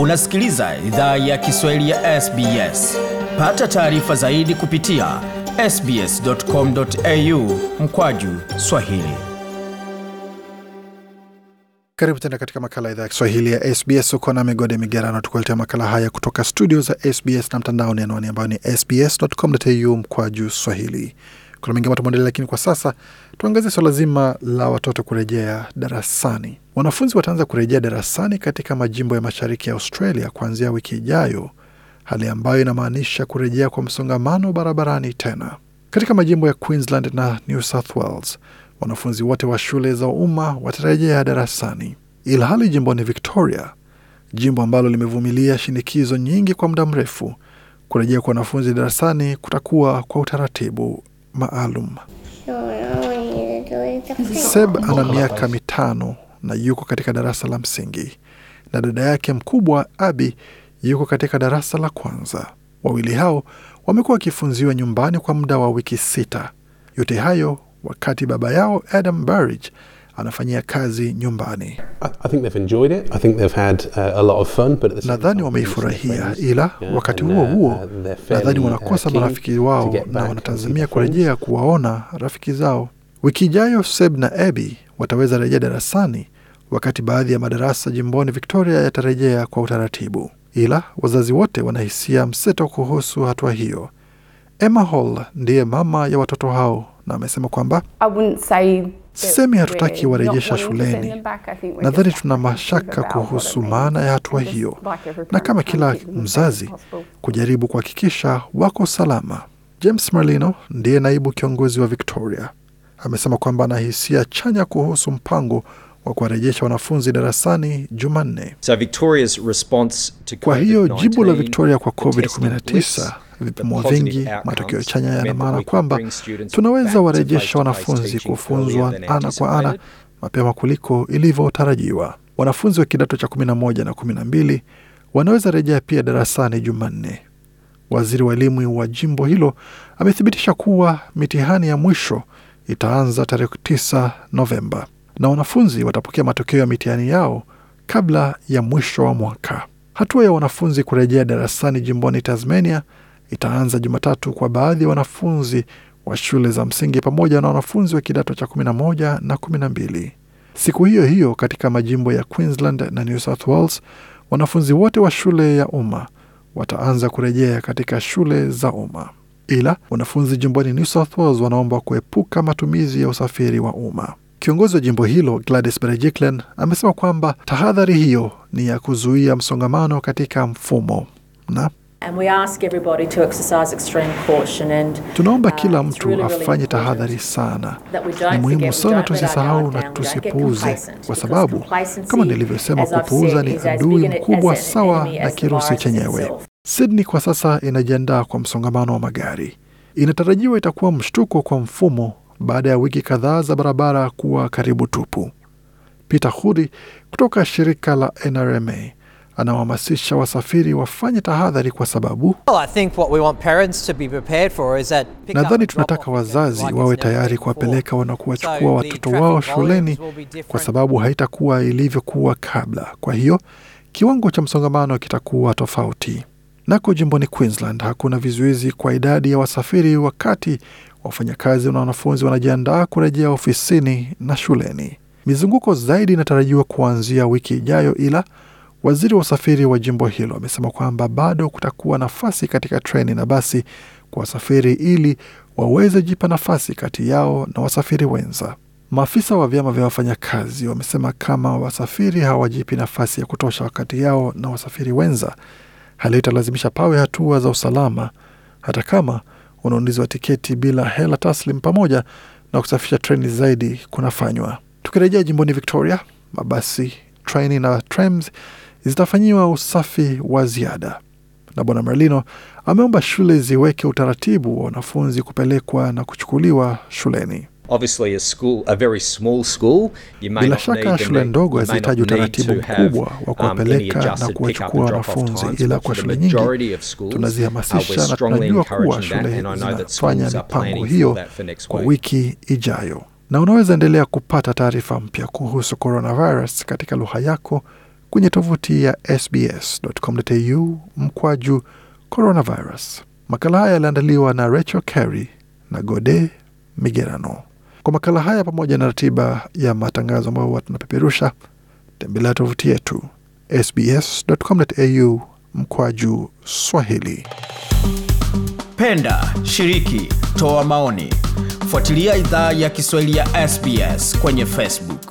Unasikiliza idhaa ya Kiswahili ya SBS. Pata taarifa zaidi kupitia sbs.com.au mkwaju swahili. Karibu tena katika makala idhaa ya Kiswahili ya SBS. Uko na Migode Migerano tukuletea makala haya kutoka studio za SBS na mtandaoni, anwani ambayo ni sbs.com.au mkwaju swahili. Kuna mengi ambayo tumeendelea, lakini kwa sasa tuangazie swala zima la watoto kurejea darasani. Wanafunzi wataanza kurejea darasani katika majimbo ya mashariki ya Australia kuanzia wiki ijayo, hali ambayo inamaanisha kurejea kwa msongamano barabarani tena. Katika majimbo ya Queensland na New South Wales, wanafunzi wote wa shule za umma watarejea darasani, ilhali jimboni Victoria, jimbo ambalo limevumilia shinikizo nyingi kwa muda mrefu, kurejea kwa wanafunzi darasani kutakuwa kwa utaratibu maalum. Seb ana miaka mitano na yuko katika darasa la msingi, na dada yake mkubwa Abi yuko katika darasa la kwanza. Wawili hao wamekuwa wakifunziwa nyumbani kwa muda wa wiki sita. Yote hayo wakati baba yao Adam Burridge anafanyia kazi nyumbani. Uh, nadhani wameifurahia, ila wakati huo huo uh, nadhani uh, wanakosa marafiki wao na wanatazamia kurejea kuwaona rafiki zao. Wiki ijayo Seb na Ebi wataweza rejea darasani wakati baadhi ya madarasa jimboni Victoria yatarejea kwa utaratibu, ila wazazi wote wanahisia mseto kuhusu hatua hiyo. Emma Hall ndiye mama ya watoto hao na amesema kwamba Sisemi hatutaki warejesha shuleni. Nadhani tuna mashaka kuhusu maana ya hatua hiyo, na kama kila mzazi kujaribu kuhakikisha wako salama. James Merlino ndiye naibu kiongozi wa Victoria, amesema kwamba ana hisia chanya kuhusu mpango wa kuwarejesha wanafunzi darasani Jumanne. So kwa hiyo jibu la Victoria kwa COVID-19 vipimo vingi, matokeo chanya yana maana kwamba tunaweza warejesha wanafunzi kufunzwa ana kwa ana mapema kuliko ilivyotarajiwa. Wanafunzi wa kidato cha 11 na 12 wanaweza rejea pia darasani Jumanne. Waziri wa elimu wa jimbo hilo amethibitisha kuwa mitihani ya mwisho itaanza tarehe 9 Novemba na wanafunzi watapokea matokeo ya mitihani yao kabla ya mwisho wa mwaka. Hatua ya wanafunzi kurejea darasani jimboni Tasmania itaanza Jumatatu kwa baadhi ya wanafunzi wa shule za msingi pamoja na wanafunzi wa kidato cha 11 na 12. Siku hiyo hiyo katika majimbo ya Queensland na New South Wales, wanafunzi wote wa shule ya umma wataanza kurejea katika shule za umma, ila wanafunzi jimboni New South Wales wanaomba kuepuka matumizi ya usafiri wa umma. Kiongozi wa jimbo hilo Gladys Berejiklian amesema kwamba tahadhari hiyo ni ya kuzuia msongamano katika mfumo na Tunaomba uh, kila mtu afanye tahadhari sana. Ni muhimu sana tusisahau na tusipuuze, kwa sababu kama nilivyosema, kupuuza ni adui mkubwa, sawa na kirusi chenyewe. Sydney kwa sasa inajiandaa kwa msongamano wa magari. Inatarajiwa itakuwa mshtuko kwa mfumo baada ya wiki kadhaa za barabara kuwa karibu tupu. Peter Hudi kutoka shirika la NRMA anawahamasisha wasafiri wafanye tahadhari kwa sababu well, nadhani tunataka wazazi wawe tayari kuwapeleka wanakuwachukua watoto wao shuleni, kwa sababu haitakuwa ilivyokuwa kabla. Kwa hiyo kiwango cha msongamano kitakuwa tofauti. Nako jimboni Queensland hakuna vizuizi kwa idadi ya wasafiri, wakati wafanyakazi na wanafunzi wanajiandaa kurejea ofisini na shuleni. Mizunguko zaidi inatarajiwa kuanzia wiki ijayo, ila Waziri wa usafiri wa jimbo hilo amesema kwamba bado kutakuwa nafasi katika treni na basi kwa wasafiri ili waweze jipa nafasi kati yao na wasafiri wenza. Maafisa wa vyama vya wafanyakazi wamesema kama wasafiri hawajipi nafasi ya kutosha wakati yao na wasafiri wenza, hali italazimisha pawe hatua za usalama, hata kama ununuzi wa tiketi bila hela taslim pamoja na kusafisha treni zaidi kunafanywa. Tukirejea jimboni Victoria, mabasi, treni na trams zitafanyiwa usafi wa ziada. Na Bwana Merlino ameomba shule ziweke utaratibu wa wanafunzi kupelekwa na kuchukuliwa shuleni. A school, a very small school, bila shaka shule ndogo hazihitaji utaratibu mkubwa wa um, kuwapeleka na kuwachukua wanafunzi, ila kwa shule nyingi tunazihamasisha na tunajua kuwa shule zinafanya mipango hiyo kwa wiki ijayo, na unaweza endelea kupata taarifa mpya kuhusu coronavirus katika lugha yako kwenye tovuti ya sbs.com.au mkwaju coronavirus. Makala haya yaliandaliwa na Rachel Carey na Gode Migerano. Kwa makala haya pamoja na ratiba ya matangazo ambayo tunapeperusha, tembelea tovuti yetu sbs.com.au mkwaju Swahili. Penda, shiriki, toa maoni, fuatilia idhaa ya Kiswahili ya SBS kwenye Facebook.